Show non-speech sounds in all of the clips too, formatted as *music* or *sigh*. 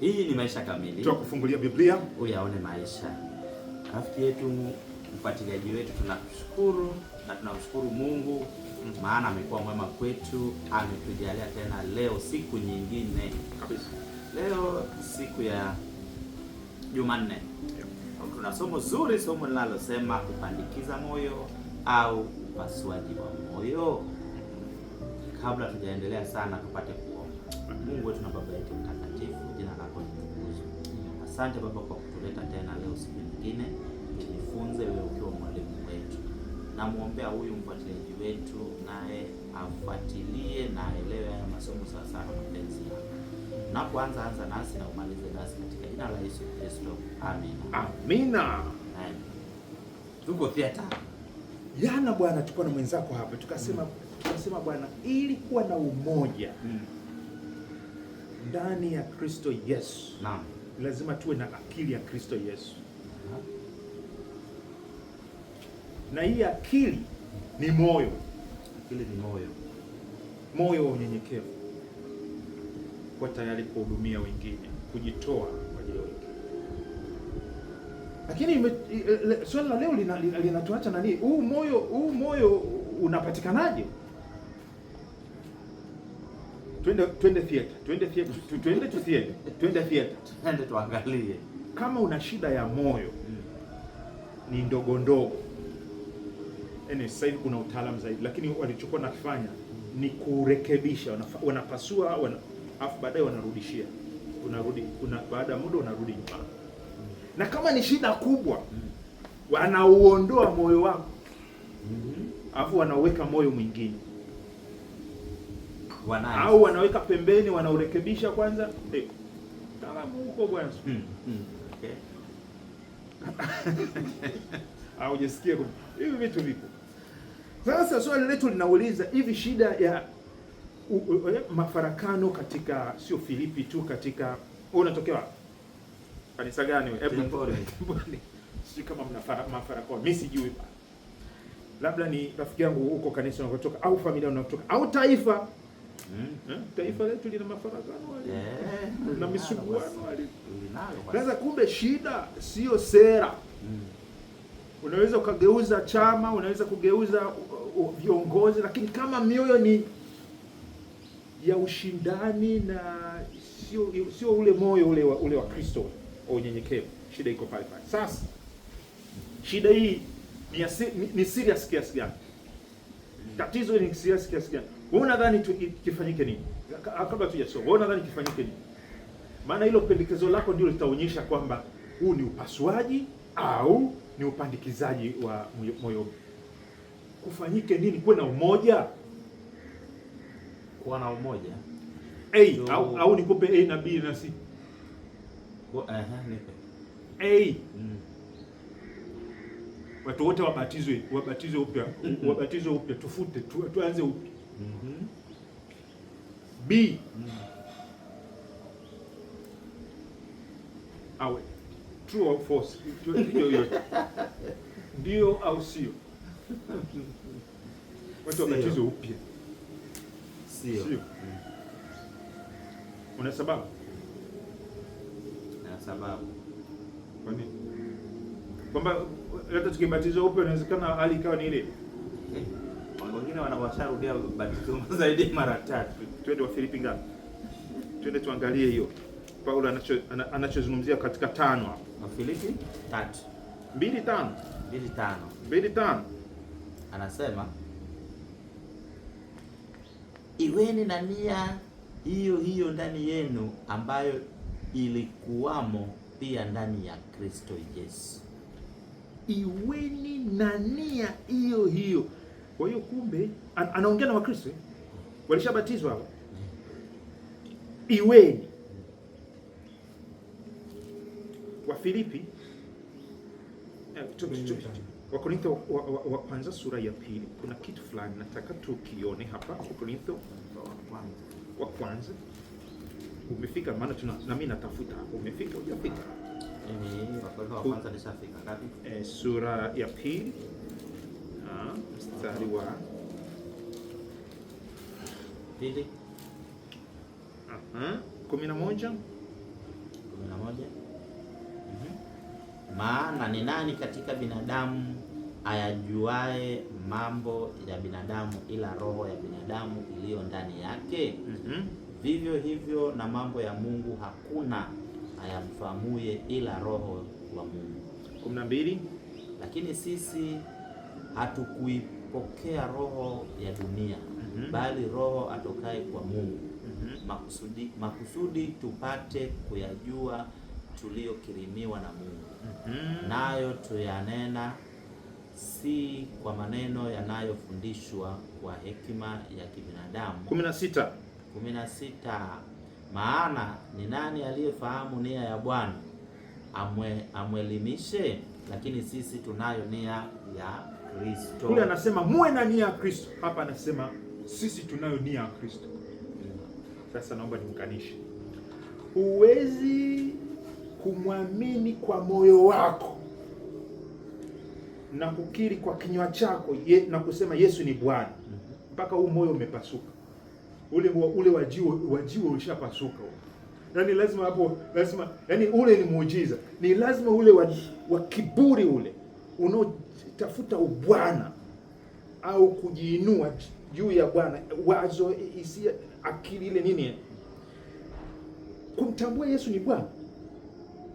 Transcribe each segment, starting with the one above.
Hii ni Maisha Kamili, kufungulia Biblia uyaone maisha. Rafiki yetu, mfuatiliaji wetu, tunakushukuru na tunamshukuru Mungu maana amekuwa mwema kwetu, ametujalia tena leo siku nyingine kabisa. Leo siku ya Jumanne tuna somo zuri, somo linalosema kupandikiza moyo au upasuaji wa moyo. Kabla tujaendelea sana, tupate kuomba. Mungu wetu na Baba yetu mtakatifu na kunipunguza. Asante Baba kwa kutuleta tena leo siku nyingine tujifunze, wewe ukiwa mwalimu wetu. Namwombea huyu mfuatiliaji wetu, naye afuatilie na aelewe haya masomo sawasawa na mapenzi yako, na anza nasi na umalize nasi katika jina la Yesu Kristo, amina. Amina. Tuko theater jana, bwana, tuko na mwenzako hapa tukasema, mm. tukasema bwana, ili kuwa na umoja mm ndani ya Kristo Yesu. Naam. Lazima tuwe na akili ya Kristo Yesu. Na hii akili ni moyo, akili ni moyo, moyo wa unyenyekevu, kwa tayari kuhudumia wengine, kujitoa kwa ajili ya wengine. Lakini swali la leo linatuacha lina, lina nani, huu moyo, huu moyo unapatikanaje? Twende twende theater, twende theater, twende tu theater, twende theater, twende tuangalie. Kama una shida ya moyo ni ndogo ndogo, yaani sasa hivi kuna utaalamu zaidi, lakini walichokuwa nakifanya ni kurekebisha, wanapasua wana, afu baadaye wanarudishia, unarudi una, baada ya muda unarudi nyumbani. Na kama ni shida kubwa, wanauondoa moyo wako afu wanauweka moyo mwingine wanayo au wanaweka pembeni, wanaurekebisha kwanza. Hey, huko bwana mm, okay. *laughs* au jisikie hivi vitu vipo. Sasa swali letu linauliza hivi, shida ya u, u, mafarakano katika sio Filipi tu, katika unatokea wapi? Kanisa gani wewe? sijui kama mna mafarakano, mimi sijui, labda ni rafiki yangu huko kanisa unakotoka, au familia unakotoka, au taifa Hmm? Hmm? Taifa letu lina mafarakano yeah, na misuguano sasa. Kumbe shida sio sera mm. Unaweza ukageuza chama, unaweza kugeuza uh, uh, viongozi, lakini kama mioyo ni ya ushindani na sio sio ule moyo ule wa, ule wa Kristo wa unyenyekevu, shida iko pale pale. Sasa shida hii ni, ni serious kiasi gani? Tatizo ni kiasi kiasi gani? Wewe unadhani kifanyike nini? Kabla tujasoma, wewe unadhani kifanyike nini? Maana hilo pendekezo lako ndio litaonyesha kwamba huu ni upasuaji au ni upandikizaji wa moyo. Kufanyike nini? Kuwe na umoja, kuwa na umoja A, so... au, au nikupe A na B na C. Aha, nipe A. Mm watu wote wabatizwe, wabatizwe upya, wabatizwe upya, tufute tu, tuanze upya mm -hmm. B mm. awe true or false, hiyo ndio au sio? Watu wabatizwe upya, sio? Sio. Mm. Una sababu na sababu, kwa nini? kwamba hata tukibatizwa upya inawezekana hali ikawa ni ile. Wengine wanawasharudia batizo *laughs* zaidi mara tatu. Twende Wafilipi ngapi? Twende tuangalie hiyo. Paulo anacho anachozungumzia katika tano hapo. Wafilipi 3. tano. Mbili tano. Anasema iweni na nia hiyo hiyo ndani yenu ambayo ilikuwamo pia ndani ya Kristo Yesu iweni na nia hiyo hiyo. Kwa hiyo kumbe an anaongea na Wakristo eh? walishabatizwa hapo. iweni eh, wa Filipi Wakorintho wa, wa, wa kwanza sura ya pili, kuna kitu fulani nataka tukione hapa. Wakorintho wa kwanza, umefika? Maana tuna nami natafuta. Umefika? Hujafika? ni eh, sura ya pili mstari wa mhm. maana ni nani katika binadamu ayajuae mambo ya binadamu ila roho ya binadamu iliyo ndani yake? mm -hmm. Vivyo hivyo na mambo ya Mungu hakuna ayamfahamuye ila Roho wa Mungu. 12 Lakini sisi hatukuipokea roho ya dunia mm -hmm. bali roho atokaye kwa Mungu mm -hmm. makusudi, makusudi tupate kuyajua tuliyokirimiwa na Mungu mm -hmm. nayo tuyanena si kwa maneno yanayofundishwa kwa hekima ya kibinadamu. 16 16 maana ni nani aliyefahamu nia ya Bwana amwe amwelimishe? Lakini sisi tunayo nia ya Kristo. Kule anasema muwe na nia ya Kristo, hapa anasema sisi tunayo nia ya Kristo. Sasa naomba nimkanishe, huwezi kumwamini kwa moyo wako na kukiri kwa kinywa chako ye, na kusema Yesu ni Bwana mpaka huu moyo umepasuka ule ule wajiwe wajiwe ulishapasuka yaani lazima hapo, lazima yaani ule ni muujiza, ni lazima ule wa, wa kiburi ule unaotafuta ubwana au kujiinua juu ya Bwana, wazo isi akili ile nini, kumtambua Yesu ni Bwana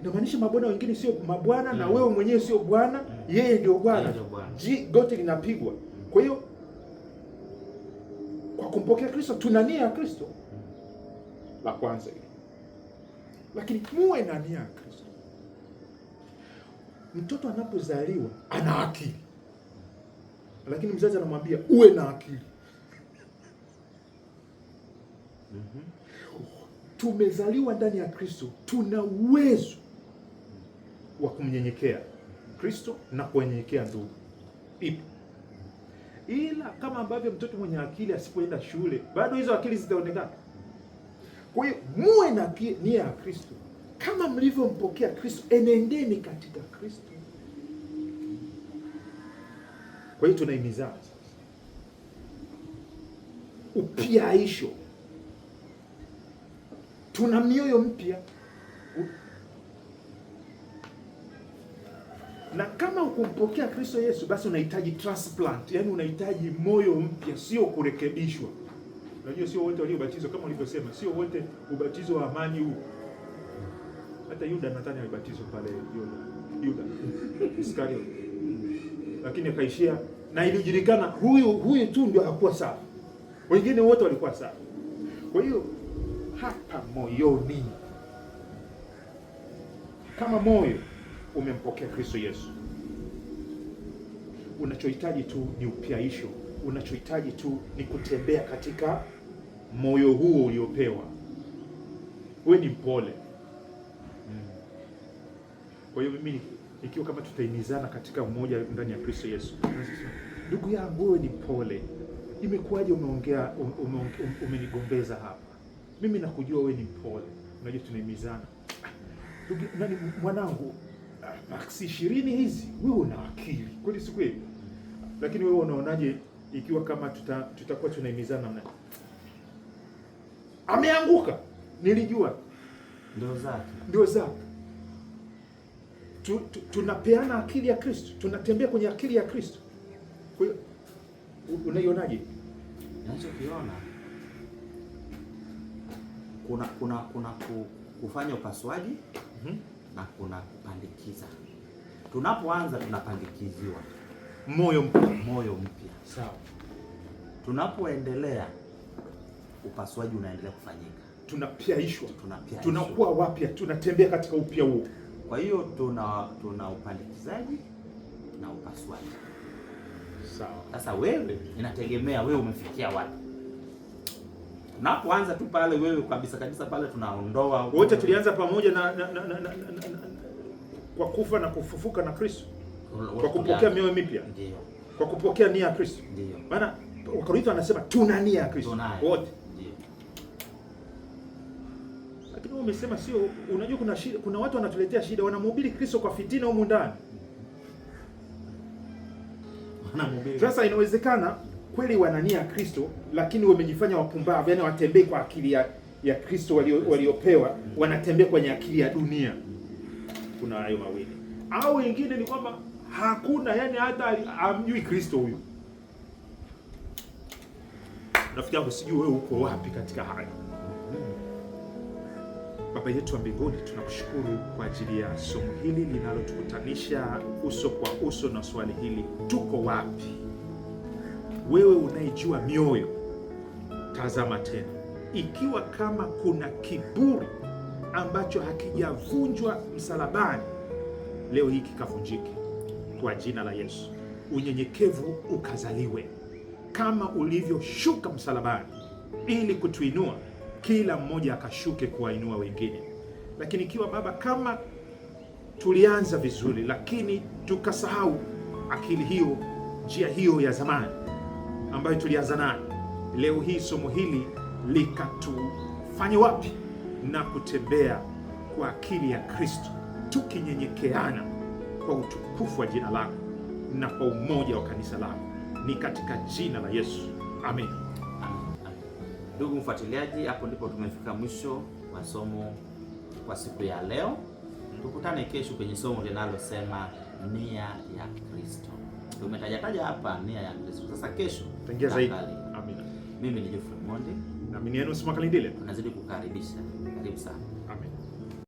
inamaanisha mabwana wengine sio mabwana mm. na wewe mwenyewe sio bwana, mm. yeye ndio Bwana, goti linapigwa. Kwa hiyo kumpokea Kristo, tuna nia ya Kristo. La kwanza hilo, lakini muwe na nia ya Kristo. Mtoto anapozaliwa ana akili, lakini mzazi anamwambia uwe na akili. Mhm. Tumezaliwa ndani ya Kristo, tuna uwezo wa kumnyenyekea Kristo na kuwanyenyekea ndugu. Ipo ila kama ambavyo mtoto mwenye akili asipoenda shule bado hizo akili zitaonekana. Kwa hiyo muwe na nia ya Kristo kama mlivyompokea Kristo, enendeni katika Kristo. Kwa hiyo tunahimizana sasa upyaisho, tuna mioyo mpya. na kama ukumpokea Kristo Yesu, basi unahitaji transplant, yani unahitaji moyo mpya, sio kurekebishwa. Unajua, sio wote waliobatizwa, kama ulivyosema, sio wote ubatizo wa amani huu. Hata Yuda nadhani alibatizwa pale Yuda, Yuda Iskarioti, lakini akaishia na ilijulikana huyu huyu tu ndio hakuwa sawa, wengine wote walikuwa sawa. Kwa hiyo hapa moyoni, kama moyo umempokea Kristo Yesu. Unachohitaji tu ni upyaisho, unachohitaji tu ni kutembea katika moyo huo uliopewa. Wewe ni mpole mm. Kwa hiyo mimi ikiwa kama tutaimizana katika umoja ndani ya Kristo Yesu, ndugu yangu, wewe ni mpole. Imekuwaje umeongea um, um, umenigombeza hapa? Mimi nakujua wewe ni mpole. Unajua tunaimizana, nani mwanangu maksi ishirini hizi, wewe una akili kweli, si kweli? Lakini wewe unaonaje ikiwa kama tuta, tutakuwa tunaimizana namna ameanguka, nilijua ndio zake, ndio zake. Tu, tu, tunapeana akili ya Kristo, tunatembea kwenye akili ya Kristo. Kwa hiyo unaionaje? Nachokiona kuna kuna kuna kufanya upasuaji mm -hmm na kuna kupandikiza. Tunapoanza tunapandikiziwa moyo mpya, moyo mpya sawa. Tunapoendelea upasuaji unaendelea kufanyika, tunapiaishwa, tunapiaishwa, tunakuwa wapya, tunatembea katika upya huo. Kwa hiyo tuna tuna upandikizaji na upasuaji sawa. Sasa wewe, inategemea wewe umefikia wapi. Unapoanza tu pale wewe kabisa kabisa pale tunaondoa wote, tulianza pamoja na, na, na, na, na, kwa kufa na kufufuka na Kristo, kwa kupokea mioyo mipya, ndio kwa kupokea nia ya Kristo. Ndio maana Wakorintho anasema tuna nia ya Kristo wote, lakini umesema sio. Unajua kuna shida, kuna watu wanatuletea shida, wanamhubiri Kristo kwa fitina humu ndani. Sasa inawezekana kweli wanania Kristo, lakini wamejifanya wapumbavu, yani watembei kwa akili ya, ya Kristo waliopewa, wanatembea kwenye akili ya dunia. Kuna hayo mawili au wengine ni kwamba hakuna, yani hata amjui Kristo huyu. Rafiki yangu, sijui wewe uko wapi katika hayo. Baba yetu wa mbinguni, tunakushukuru kwa ajili ya somo hili linalotukutanisha uso kwa uso na swali hili, tuko wapi? Wewe unaijua mioyo, tazama tena, ikiwa kama kuna kiburi ambacho hakijavunjwa msalabani, leo hii kikavunjike kwa jina la Yesu. Unyenyekevu ukazaliwe kama ulivyoshuka msalabani ili kutuinua, kila mmoja akashuke kuwainua wengine. Lakini ikiwa Baba, kama tulianza vizuri, lakini tukasahau akili hiyo, njia hiyo ya zamani ambayo tulianza nayo leo hii, somo hili likatufanye wapi na kutembea kwa akili ya Kristo, tukinyenyekeana kwa utukufu wa jina lako na kwa umoja wa kanisa lako, ni katika jina la Yesu, amen. Ndugu mfuatiliaji, hapo ndipo tumefika mwisho wa somo kwa siku ya leo. Tukutane kesho kwenye somo linalosema nia ya Kristo umetajataja hapa nia ya Mkristo. Sasa kesho tuingia zaidi. Amina. Mimi ni Geoffrey Monde na mimi ni Enos Makalindile. Tunazidi kukaribisha. Karibu sana.